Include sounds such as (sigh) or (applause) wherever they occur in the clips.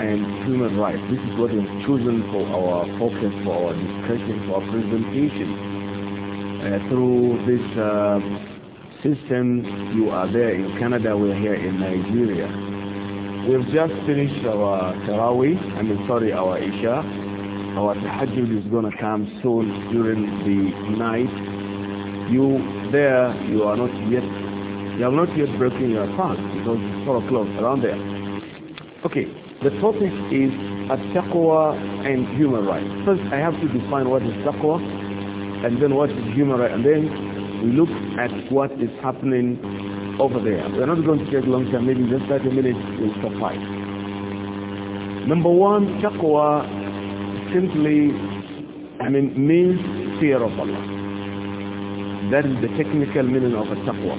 and human rights. This is what we've chosen for our focus, for our discussion, for our presentation. Uh, through this uh, system, you are there in Canada, we're here in Nigeria. We've just finished our Taraweeh. I mean, sorry, our Isha. Our Tahajjud is going to come soon during the night. You there, you are not yet, you have not yet broken your fast because it's 4 o'clock around there. Okay. The topic is taqwa and human rights. First, I have to define what is taqwa, and then what is human rights, and then we look at what is happening over there. We're not going to take long time, maybe just 30 minutes will suffice. Number one, taqwa simply, I mean, means fear of Allah. That is the technical meaning of a taqwa.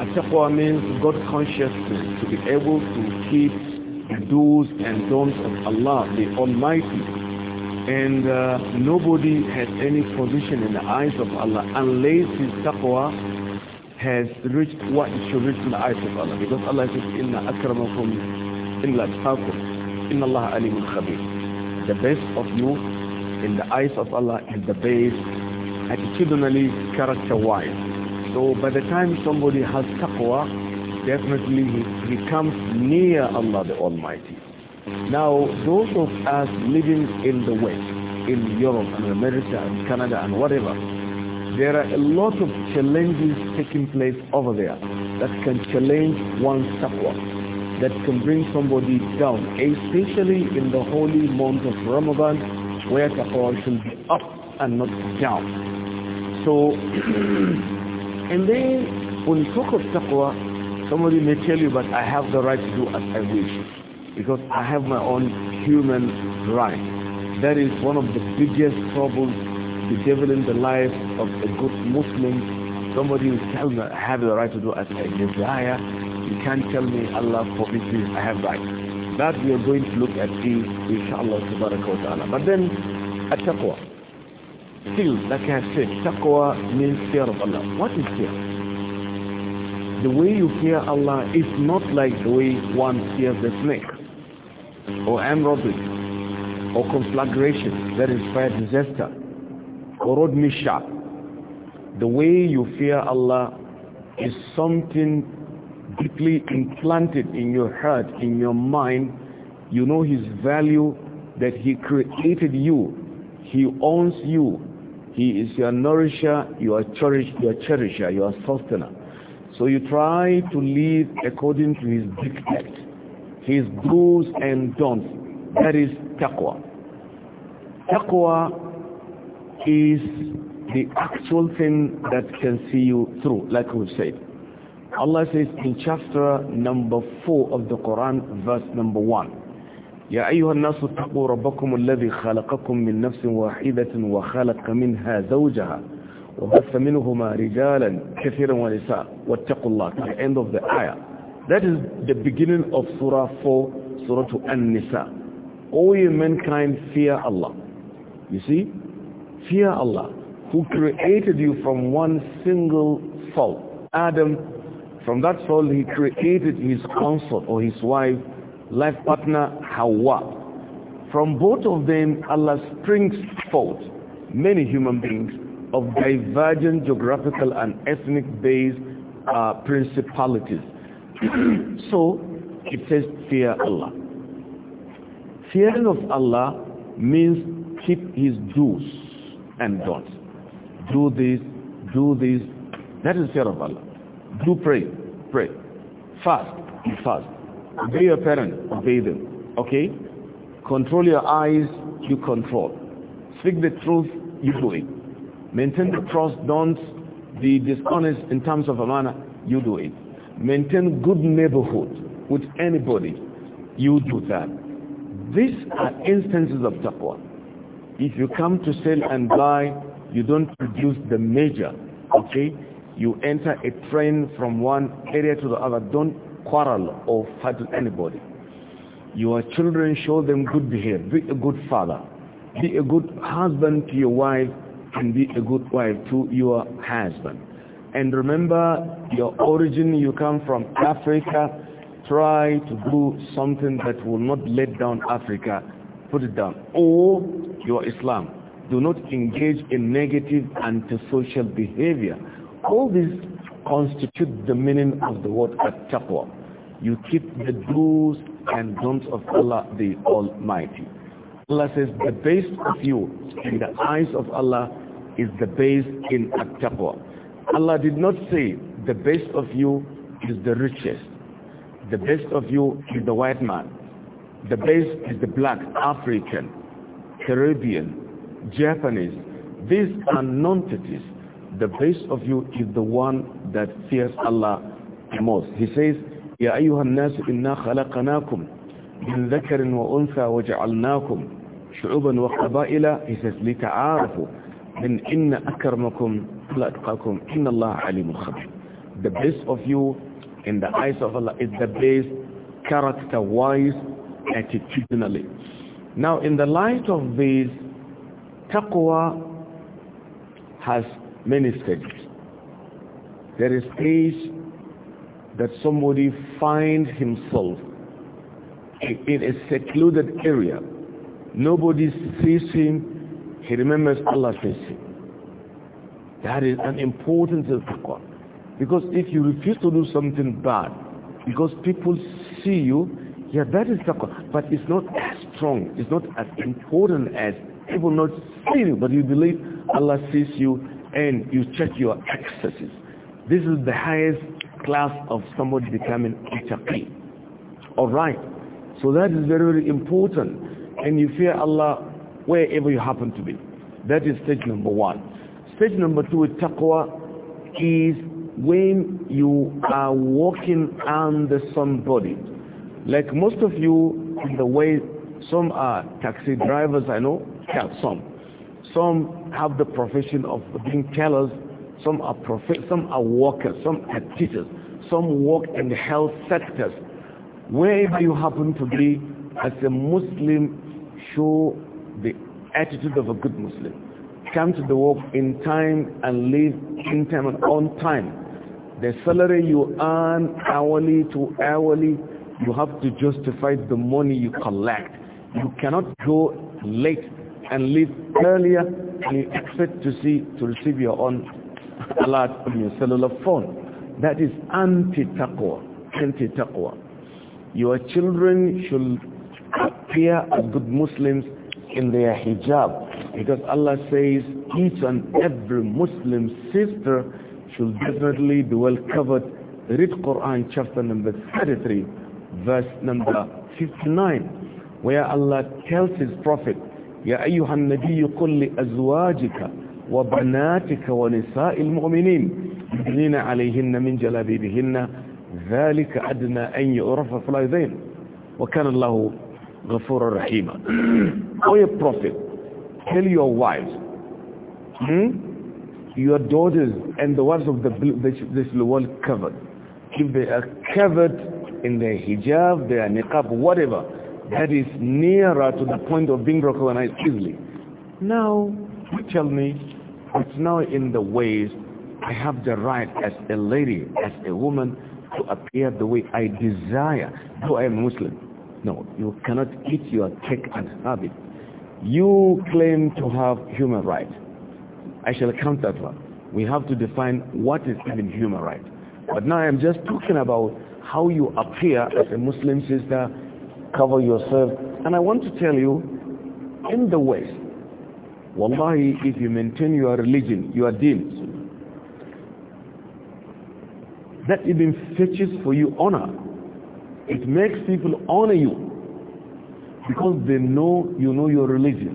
A taqwa means God consciousness, to be able to keep the do's and don'ts of Allah, the Almighty. And uh, nobody has any position in the eyes of Allah unless his taqwa has reached what it should reach in the eyes of Allah. Because Allah says, Inna akramakum illa taqwa, Inna Allah alimul khabir. The best of you in the eyes of Allah is the best attitudinally character-wise. So by the time somebody has taqwa, definitely he, he comes near Allah the Almighty. Now, those of us living in the West, in Europe and America and Canada and whatever, there are a lot of challenges taking place over there that can challenge one's taqwa, that can bring somebody down, especially in the holy month of Ramadan, where taqwa should be up and not down. So, (clears throat) and then when you talk of taqwa, Somebody may tell you, but I have the right to do as I wish because I have my own human right. That is one of the biggest troubles bedeviling the life of a good Muslim. Somebody will tell me, I have the right to do as I desire. You can't tell me, Allah forbids me, I have right. That we are going to look at is, inshallah, subhanahu wa ta'ala. But then, at taqwa. Still, like I said, taqwa means fear of Allah. What is fear? The way you fear Allah is not like the way one fears the snake, or armed robbery, or conflagration that inspired disaster, or road mishap. The way you fear Allah is something deeply implanted in your heart, in your mind. You know His value, that He created you, He owns you, He is your nourisher, your cherisher, your cherisher, your sustainer. So you try to live according to his dictates, his do's and don'ts. That is taqwa. Taqwa is the actual thing that can see you through, like we said. Allah says in chapter number 4 of the Quran, verse number 1. يا أيها الناس اتقوا ربكم الذي خلقكم من نفس واحدة وخلق منها زوجها وبث منهما رجالا كثيرا ونساء واتقوا الله the end of the ayah that is the beginning of surah 4 surah an-nisa all you mankind fear Allah you see fear Allah who created you from one single soul Adam from that soul he created his consort or his wife life partner Hawa from both of them Allah springs forth many human beings of divergent geographical and ethnic-based uh, principalities. (clears throat) so, it says fear Allah. Fearing of Allah means keep his do's and don'ts. Do this, do this. That is fear of Allah. Do pray, pray. Fast, fast. Obey your parents, obey them. Okay? Control your eyes, you control. Speak the truth, you do it. Maintain the trust, don't be dishonest in terms of amana, you do it. Maintain good neighborhood with anybody, you do that. These are instances of taqwa. If you come to sell and buy, you don't produce the major, okay? You enter a train from one area to the other. Don't quarrel or fight with anybody. Your children show them good behavior. Be a good father. Be a good husband to your wife can be a good wife to your husband. And remember your origin, you come from Africa, try to do something that will not let down Africa, put it down. Or your Islam. Do not engage in negative antisocial behavior. All these constitute the meaning of the word at-taqwa. You keep the do's and don'ts of Allah the Almighty. Allah says, the best of you in the eyes of Allah is the base in at Allah did not say the best of you is the richest. The best of you is the white man. The best is the black, African, Caribbean, Japanese. These are non-entities. The best of you is the one that fears Allah the most. He says, يا أيها الناس إنا خلقناكم من ذكر وأنثى وجعلناكم شعوبا وقبائل he says لتعارفوا then inna la atqakum inna Allah alimul khabir the best of you in the eyes of Allah is the best character-wise attitudinally now in the light of this taqwa has many stages there is stage that somebody finds himself in a secluded area nobody sees him he remembers Allah face That is an important self-taqwa. Because if you refuse to do something bad, because people see you, yeah, that is taqwa. But it's not as strong, it's not as important as people not see you, but you believe Allah sees you and you check your excesses. This is the highest class of somebody becoming itaqi. Alright. So that is very, very important. And you fear Allah wherever you happen to be. That is stage number one. Stage number two with taqwa is when you are walking under somebody. Like most of you, the way some are taxi drivers, I know, yeah, some. Some have the profession of being tellers, some are prof- some are workers, some are teachers, some work in the health sectors. Wherever you happen to be, as a Muslim, show the attitude of a good Muslim. Come to the work in time and leave in time and on time. The salary you earn hourly to hourly, you have to justify the money you collect. You cannot go late and leave earlier and you expect to see to receive your own alert on your cellular phone. That is anti-taqwa. Anti-taqwa. Your children should appear as good Muslims in their hijab because Allah says each and every Muslim sister should definitely be well covered read Quran chapter number 33 verse number 59 where Allah tells his prophet يا أيها النبي قل لأزواجك وبناتك ونساء المؤمنين يدنين عليهن من جلابيبهن ذلك أدنى أن يعرف فلا يذين وكان الله غفورا رحيما or a prophet, tell your wives, hmm, your daughters and the wives of the, this, this world covered. If they are covered in their hijab, their niqab, whatever, that is nearer to the point of being recognized easily. Now, you tell me, it's now in the ways I have the right as a lady, as a woman, to appear the way I desire, though I am Muslim. No, you cannot eat your cake and have it you claim to have human rights. I shall counter that one. We have to define what is even human right. But now I'm just talking about how you appear as a Muslim sister, cover yourself. And I want to tell you, in the West, wallahi, if you maintain your religion, your deen, that even fetches for you honor. It makes people honor you because they know you know your religion.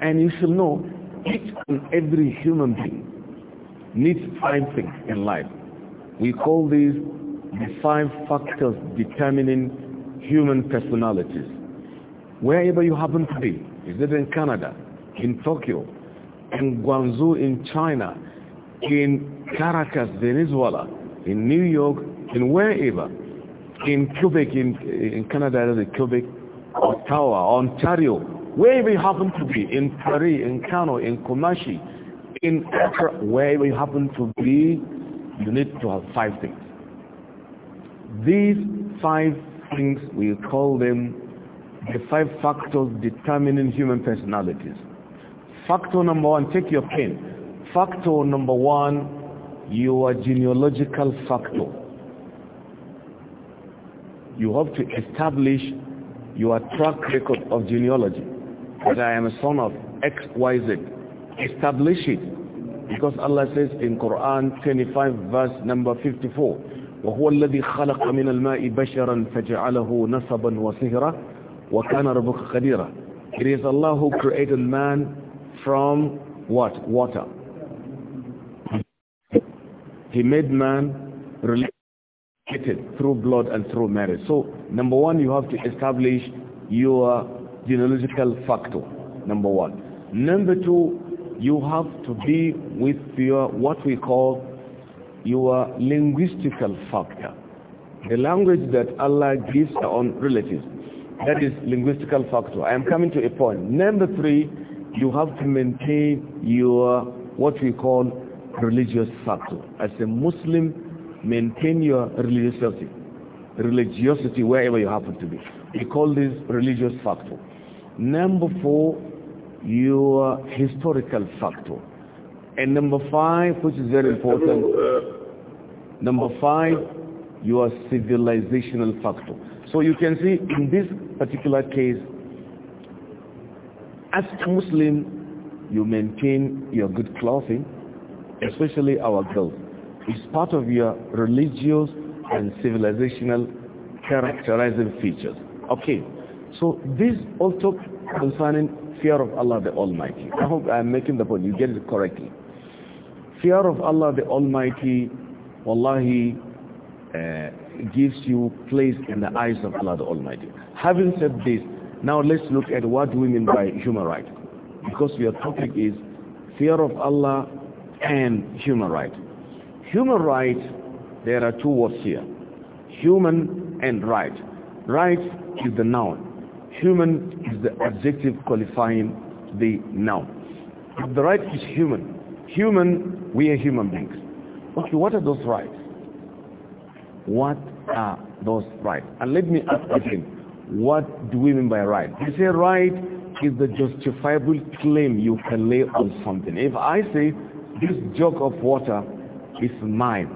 And you should know each and every human being needs five things in life. We call these the five factors determining human personalities. Wherever you happen to be, is it in Canada, in Tokyo, in Guangzhou in China, in Caracas, Venezuela, in New York, in wherever, in Quebec, in, in Canada, in Quebec, Ottawa, Ontario, wherever you happen to be, in Paris, in Kano, in Kumashi, in Accra, wherever you happen to be, you need to have five things. These five things, we call them the five factors determining human personalities. Factor number one, take your pen. Factor number one, your genealogical factor. You have to establish your track record of genealogy, that I am a son of XYZ, establish it. Because Allah says in Quran 25 verse number 54, وهو الذي خلق من الماء بشرا فجعله نصبا وصهرا وكان ربك قديرا It is Allah who created man from what? Water. He made man related through blood and through marriage. So, number one, you have to establish your genealogical factor, number one. Number two, you have to be with your, what we call your linguistical factor. The language that Allah gives on relatives. That is linguistical factor. I am coming to a point. Number three, you have to maintain your, what we call religious factor. As a Muslim, maintain your religiosity religiosity wherever you happen to be we call this religious factor number four your historical factor and number five which is very important number five your civilizational factor so you can see in this particular case as a muslim you maintain your good clothing especially our girls is part of your religious and civilizational characterizing features. Okay, so this also concerning fear of Allah the Almighty. I hope I'm making the point. You get it correctly. Fear of Allah the Almighty, wallahi, uh, gives you place in the eyes of Allah the Almighty. Having said this, now let's look at what we mean by human rights. Because your topic is fear of Allah and human rights human rights, there are two words here. Human and right. Right is the noun. Human is the adjective qualifying the noun. the right is human, human, we are human beings. Okay, what are those rights? What are those rights? And let me ask again, what do we mean by right? You say right is the justifiable claim you can lay on something. If I say this jug of water it's mine.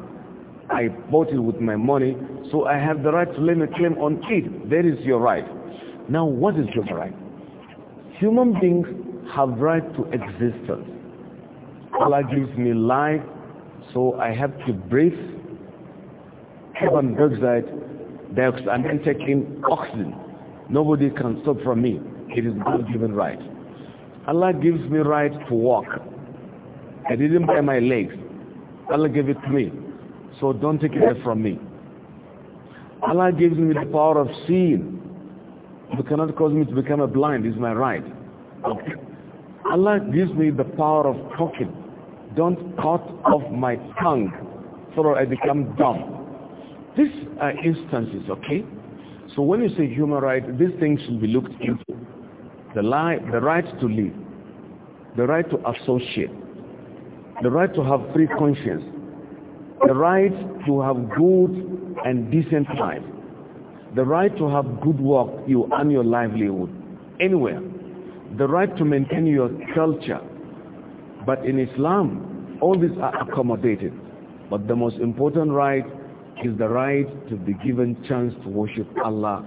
I bought it with my money, so I have the right to lay my claim on it. There is your right. Now, what is your right? Human beings have right to existence. Allah gives me life, so I have to breathe carbon dioxide, dioxide, and then take in oxygen. Nobody can stop from me. It is God given right. Allah gives me right to walk. I didn't buy my legs. Allah gave it to me. So don't take it from me. Allah gives me the power of seeing. You cannot cause me to become a blind. Is my right. Allah gives me the power of talking. Don't cut off my tongue so I become dumb. These are instances, okay? So when you say human right, these things should be looked into. The, the right to live, the right to associate, the right to have free conscience, the right to have good and decent life, the right to have good work you earn your livelihood anywhere, the right to maintain your culture. But in Islam, all these are accommodated. But the most important right is the right to be given chance to worship Allah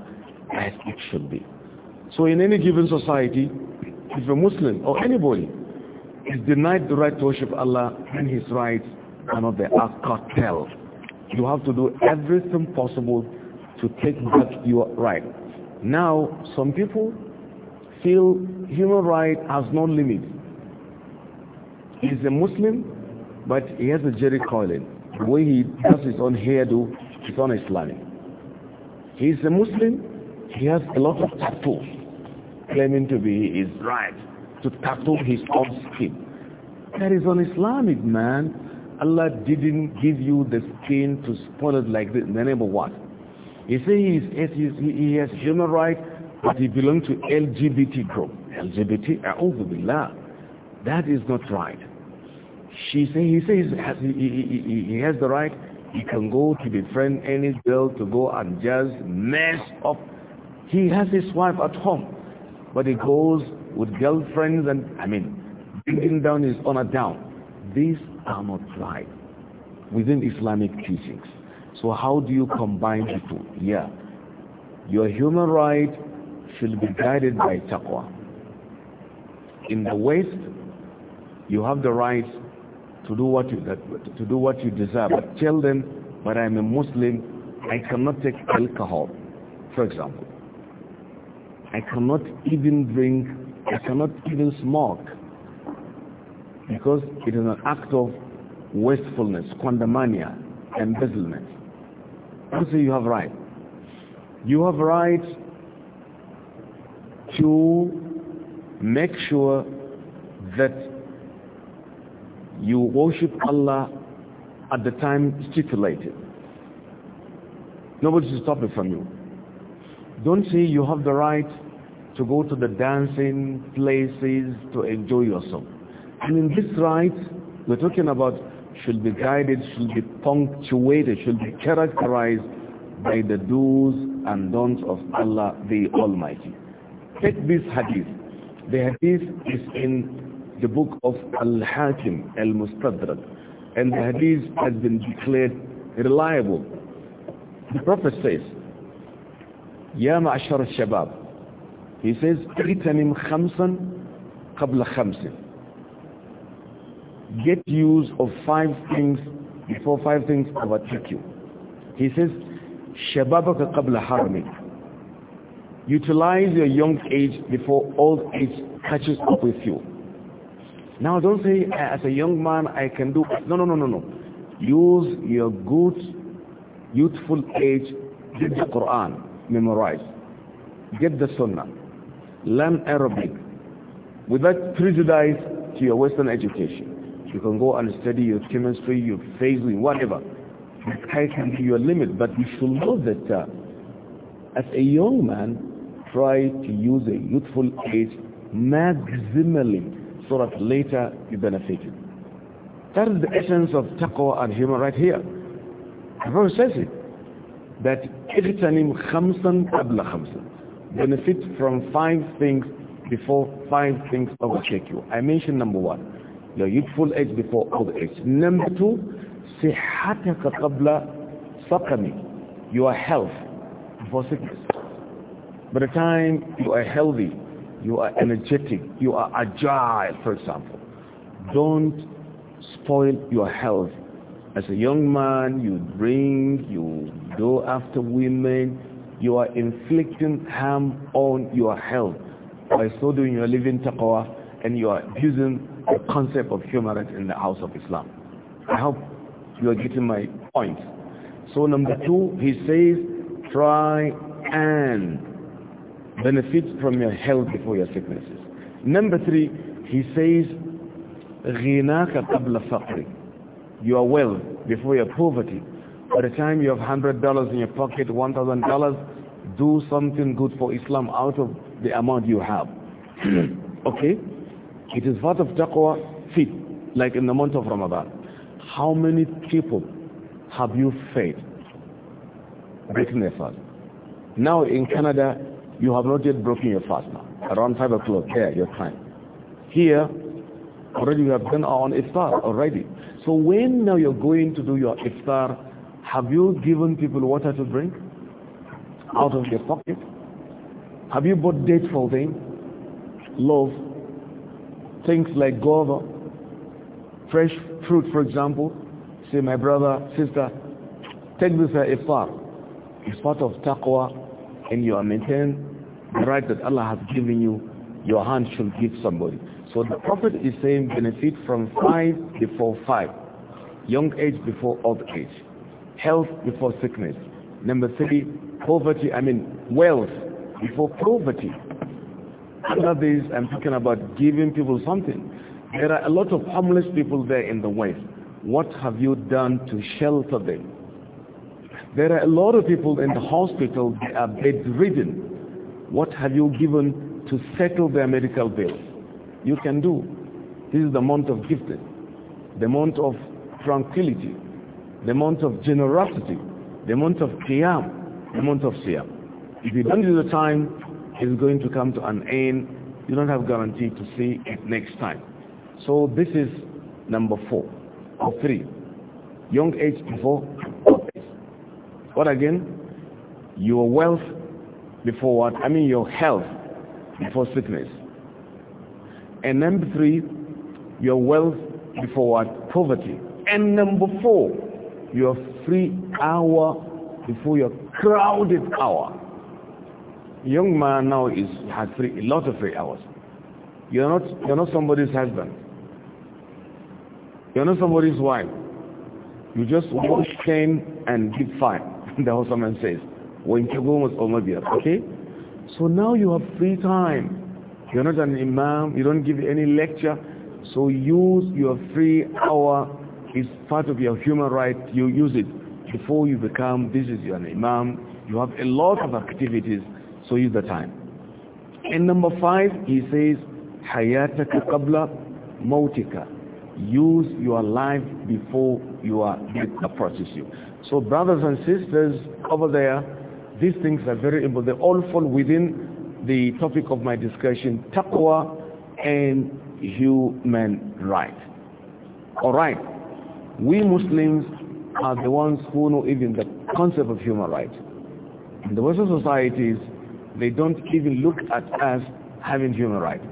as it should be. So in any given society, if a Muslim or anybody is denied the right to worship Allah, and his rights are not there, A cartel. You have to do everything possible to take back your right. Now, some people feel human right has no limit. He's a Muslim, but he has a jerry coiling. The way he does his own hairdo is un-Islamic. He's a Muslim, he has a lot of tattoos claiming to be his right to tattoo his own skin. That is un-Islamic, man. Allah didn't give you the skin to spoil it like this. the name of what? He says he, is he has human rights, but he belongs to LGBT group. LGBT, a'udhu billah. That is not right. She say, he says he, he, he has the right, he can go to befriend any girl to go and just mess up. He has his wife at home, but he goes with girlfriends and, I mean, bringing down his honor down. These are not right within Islamic teachings. So how do you combine the two? Yeah. Your human right should be guided by taqwa. In the West, you have the right to do what you, to do what you desire, but tell them, but I'm a Muslim, I cannot take alcohol, for example. I cannot even drink I cannot even smoke because it is an act of wastefulness, quandamania, embezzlement. And so you have right. You have right to make sure that you worship Allah at the time stipulated. Nobody should stop it from you. Don't say you have the right to go to the dancing places to enjoy yourself. And in this right, we're talking about should be guided, should be punctuated, should be characterized by the do's and don'ts of Allah the Almighty. Take this hadith. The hadith is in the book of Al-Hakim, Al-Mustadrak. And the hadith has been declared reliable. The Prophet says, يا معشر الشباب he says, Itanim khamsan qabla khamsin. Get use of five things before five things overtake you. He says, Shababaka qabla harmik. Utilize your young age before old age catches up with you. Now don't say, as a young man, I can do... No, no, no, no, no. Use your good, youthful age, read the Quran, memorize, get the Sunnah, learn Arabic without prejudice to your Western education. You can go and study your chemistry, your phasing whatever. The sky can be your limit, but you should know that uh, as a young man, try to use a youthful age maximally so that later you benefit. That is the essence of taqwa and human right here. The verse says it, that اغتنم خمسا قبل خمسا benefit from five things before five things overtake you. I mentioned number one, your youthful age before old age. Number two, صحتك قبل سقمي, your health before sickness. By the time you are healthy, you are energetic, you are agile, for example. Don't spoil your health. As a young man, you drink, you go after women, you are inflicting harm on your health by so doing you are living taqwa and you are abusing the concept of human rights in the house of Islam I hope you are getting my point so number two he says try and benefit from your health before your sicknesses number three he says غناك قبل فقرك your wealth before your poverty by the time you have $100 in your pocket, $1,000, do something good for Islam out of the amount you have. (clears throat) okay? It is part of taqwa fit, like in the month of Ramadan. How many people have you fed? Breaking their fast. Now in Canada, you have not yet broken your fast now. Around 5 o'clock, there, your time. Here, already you have done on iftar already. So when now you're going to do your iftar, have you given people water to drink out of your pocket? Have you bought dates for them? Love, things like guava, fresh fruit, for example. Say, my brother, sister, take this as It's part of taqwa and you are maintaining the right that Allah has given you. Your hand should give somebody. So the Prophet is saying benefit from five before five. Young age before old age health before sickness. Number three, poverty, I mean wealth before poverty. Under this, I'm talking about giving people something. There are a lot of homeless people there in the West. What have you done to shelter them? There are a lot of people in the hospital that are bedridden. What have you given to settle their medical bills? You can do. This is the month of giving, the month of tranquility, the month of generosity, the month of Qiyam, the month of Siyam. If you don't do the time, it's going to come to an end. You don't have guarantee to see it next time. So this is number four or three. Young age before What again? Your wealth before what? I mean your health before sickness. And number three, your wealth before what? Poverty. And number four, your free hour before your crowded hour. Young man now is has free a lot of free hours. You're not you're not somebody's husband. You're not somebody's wife. You just wash clean and be fine. (laughs) the house man says, when you go with Omabir, okay? So now you have free time. You're not an imam, you don't give any lecture. So use your free hour it's part of your human right. You use it before you become, this is your imam. You have a lot of activities, so use the time. And number five, he says, hayataka qabla mautika. Use your life before your death approaches you. So brothers and sisters over there, these things are very important. They all fall within the topic of my discussion, taqwa and human right. All right we Muslims are the ones who know even the concept of human rights. In the Western societies, they don't even look at us having human rights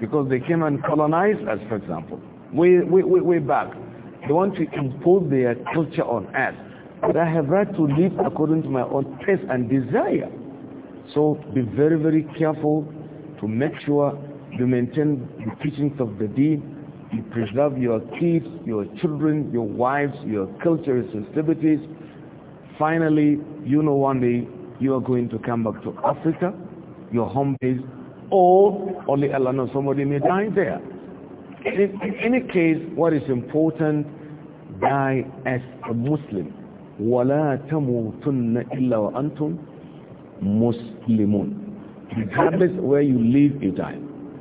because they came and colonized us, for example, way, way, way, way back. They want to impose their culture on us. But I have right to live according to my own taste and desire. So be very, very careful to make sure you maintain the teachings of the deen you preserve your kids, your children, your wives, your cultural sensitivities. Finally, you know one day you are going to come back to Africa, your home base, or only Allah knows somebody may die there. In, in any case, what is important, die as a Muslim. وَلَا تَمُوتُنَّ إِلَّا وَأَنْتُمْ مُسْلِمُونَ Regardless where you live, you die.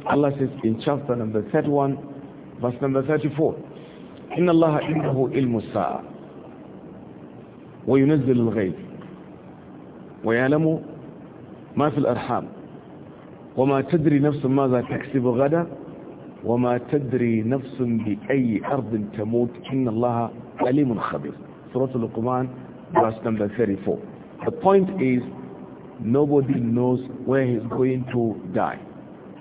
Allah says in chapter number 31, verse number 34 إن الله إنه علم الساعة وينزل الغيب ويعلم ما في الأرحام وما تدري نفس ماذا تكسب غدا وما تدري نفس بأي أرض تموت إن الله عليم خبير سورة القمان verse number 34 The point is nobody knows where he's going to die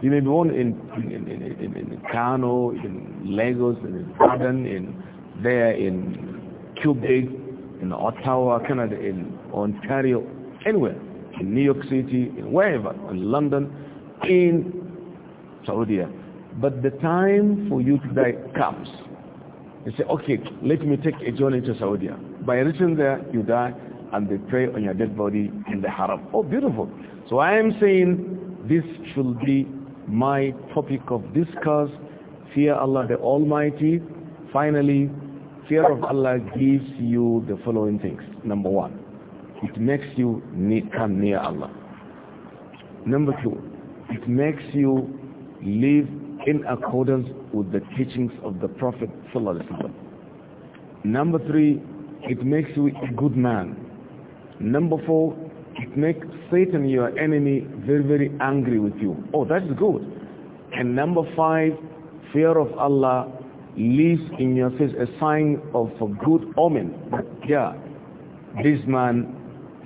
You may be born in, in, in, in, in Kano, in Lagos, in London, in there, in Quebec, in Ottawa, Canada, in Ontario, anywhere, in New York City, in wherever, in London, in Saudi Arabia. But the time for you to die comes. You say, okay, let me take a journey to Saudi Arabia. By reaching there, you die and they pray on your dead body in the haram. Oh, beautiful. So I am saying this should be my topic of discourse, fear Allah the Almighty. Finally, fear of Allah gives you the following things. Number one, it makes you come near Allah. Number two, it makes you live in accordance with the teachings of the Prophet Number three, it makes you a good man. Number four, it makes Satan, your enemy, very, very angry with you. Oh, that's good. And number five, fear of Allah leaves in your face a sign of a good omen. Yeah, this man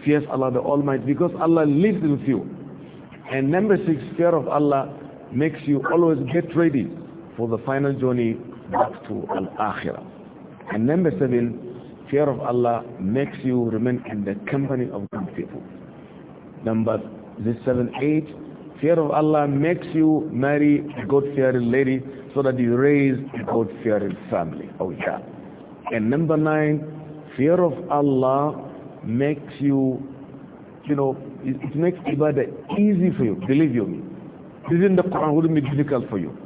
fears Allah the Almighty because Allah lives with you. And number six, fear of Allah makes you always get ready for the final journey back to Al-Akhirah. And number seven, fear of Allah makes you remain in the company of good people. Number seven, eight. fear of Allah makes you marry a God-fearing lady so that you raise a God-fearing family Oh yeah. And number nine, fear of Allah makes you, you know, it, it makes ibadah easy for you, believe you me. Reading the Quran wouldn't be difficult for you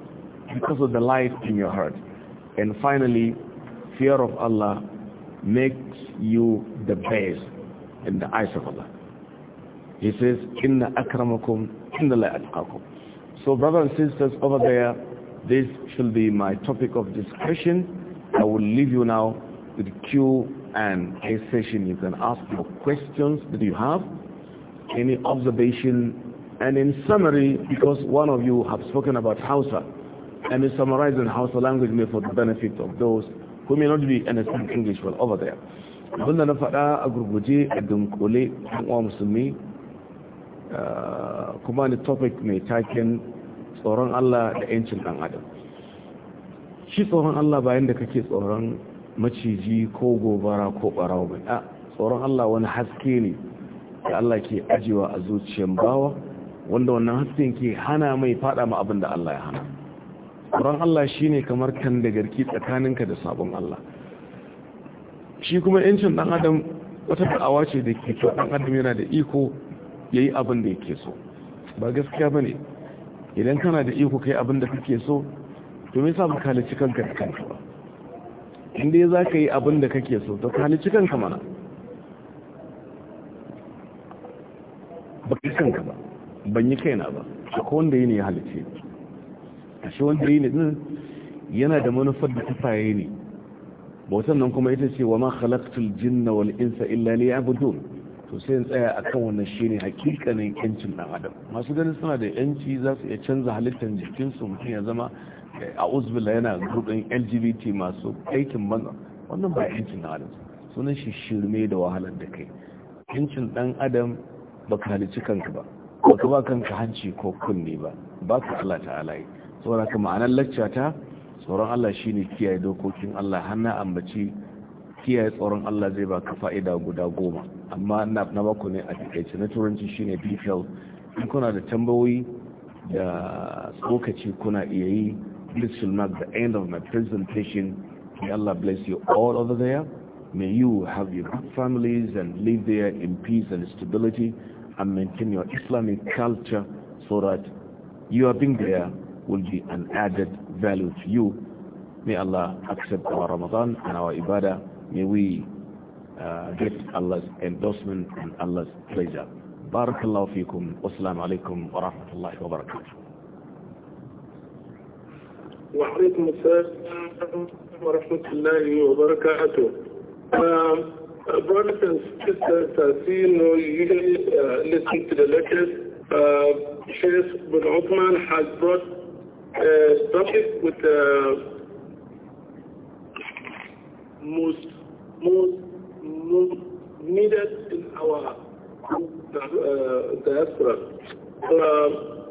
because of the light in your heart. And finally, fear of Allah makes you the best in the eyes of Allah. He says, Inna akramakum, inna la atqakum. So brothers and sisters over there, this should be my topic of discussion. I will leave you now with Q and A session. You can ask your questions that you have, any observation, and in summary, because one of you have spoken about Hausa, and is summarizing Hausa language for the benefit of those who may not be understanding English well over there. Ah, kuma ni topic mai taken tsoron Allah da 'yancin ɗan adam shi tsoron Allah bayan da kake tsoron maciji ko gobara ko ɓarawa mai ah, a tsoron Allah wani haske ne da Allah ke ajiyewa a zuciyar bawa wanda wannan haske ke hana mai fada ma abin da Allah ya hana tsoron Allah shi ne kamar kan da garki tsakaninka da sabon Allah shi kuma 'yancin ɗan adam wata da'awa ce da ke to ɗan adam yana da iko ya yi abin da yake so ba gaskiya ba ne idan kana da iko kai abin da kake so to me sa ka halici kanka da kanka ba inda ya za ka yi abin da kake so to ka halici kanka mana ba kai kanka ba ban yi kaina ba akwai wanda yi ne ya halice a shi wanda yi ne din yana da manufar da ta faye ne bautan nan kuma ita ce wa ma khalaqtul jinna wal insa illa liya'budun to sai tsaya akan wannan shine hakikanin yancin dan adam masu ganin suna da yanci za su iya canza halittar jikinsu mutum ya zama eh, a uzbila yana gurbin lgbt masu aikin banza wannan ba yancin dan adam sunan shi shirme da wahalar da kai yancin dan adam ba ka halici kanka ba ba ka ba kanka hanci ko kunne ba ba ka allah ta'ala yi saboda ka ma'anar lacca ta tsoron allah shine kiyaye dokokin allah har na ambaci kiyaye tsoron Allah zai fa'ida guda goma amma na ne a takaice na turanci in kuna da tambayoyi da tsokaci kuna iya yi this will mark the end of my presentation may Allah bless you all over there may you have your good families and live there in peace and stability and maintain your Islamic culture so that your being there will be an added value to you May Allah accept our Ramadan and our ibadah may we uh, get Allah's endorsement and Allah's pleasure barakallahu fikum wassalamu alaikum wa rahmatullahi wa barakatuh وعليكم السلام ورحمة الله وبركاته brothers and sisters, as you know, you uh, listen to the lectures. Uh, Sheikh bin Uthman has brought a uh, topic with the uh, most most needed in our uh, diaspora. Um,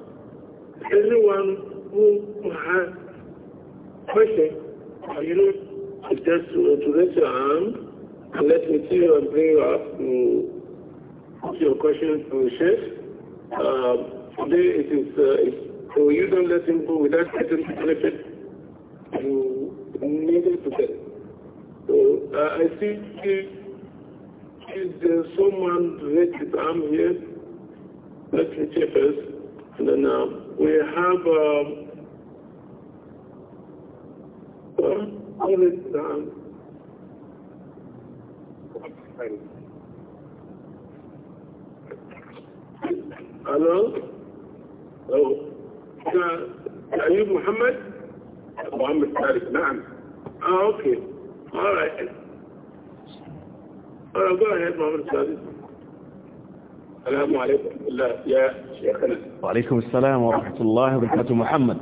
anyone who has questions, uh, you know, just uh, to raise your hand and let me see you and bring you up to your question to Chef. Um, today it is, uh, it's, so you don't let him go without getting the benefit you needed to get uh, I think if, there's uh, someone related, I'm here, let me check first. And then uh, we have um, uh, all Hello? Hello? Are you Muhammad? Muhammad Tariq, نعم. Ah, okay. All right. All right, go ahead, Muhammad Sadiq. السلام عليكم يا شيخنا وعليكم السلام ورحمة الله وبركاته محمد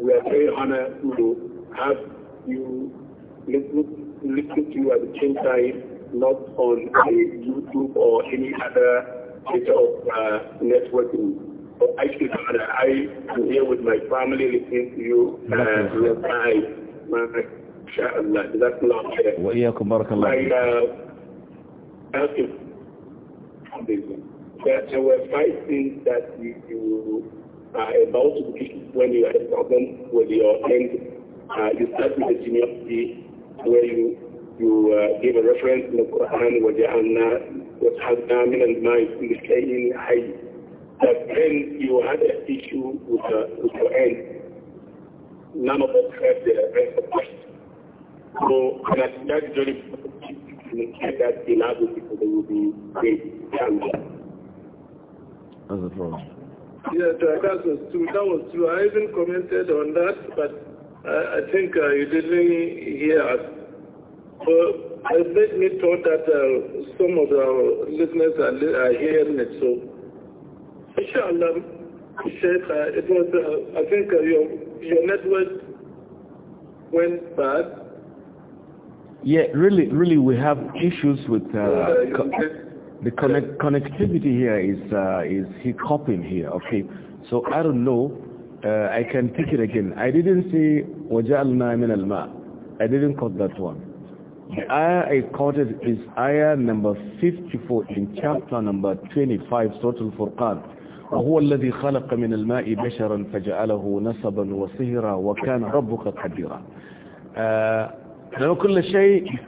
We are very honored to have you listen, to us at the same time, not on YouTube or any other bit of uh, networking. I should that I am here with my family listening to you. And uh, your time. MashaAllah. That's not fair. وإياكم بارك الله. I, uh, ask you, there, there were five things that you, you are about to do when you had a problem with your end. Uh, you start with the genealogy where you you uh, give a reference in the Quran, وَجَعَلْنَا وَسْحَبْنَا مِنَ الْمَاءِ كُلِّ شَيْءٍ حَيٍّ that when you had an issue with, uh, with your end. None of us had the answer question. So, and that's, that's very communicate that in other people, they will be great. As a problem. Yeah, that was true. That was true. I even commented on that, but I, I think uh, you didn't hear us. But I made me thought that uh, some of our listeners are, are hearing it, so Inshallah, Sheikh, uh, it was, uh, I think uh, your, your network went bad. Yeah, really, really we have issues with uh, uh, co the connect connectivity here is, uh, is hiccuping here, okay. So I don't know, I can take it again. I didn't say, وَجَعَلْنَا مِنَ الْمَاءِ I didn't quote that one. The ayah I quoted is ayah number 54 in chapter number 25, Surah Al-Furqan. وهو الذي خلق من الماء بشرا فجعله نسبا وصهرا وكان ربك قديرا آه، لأن كل شيء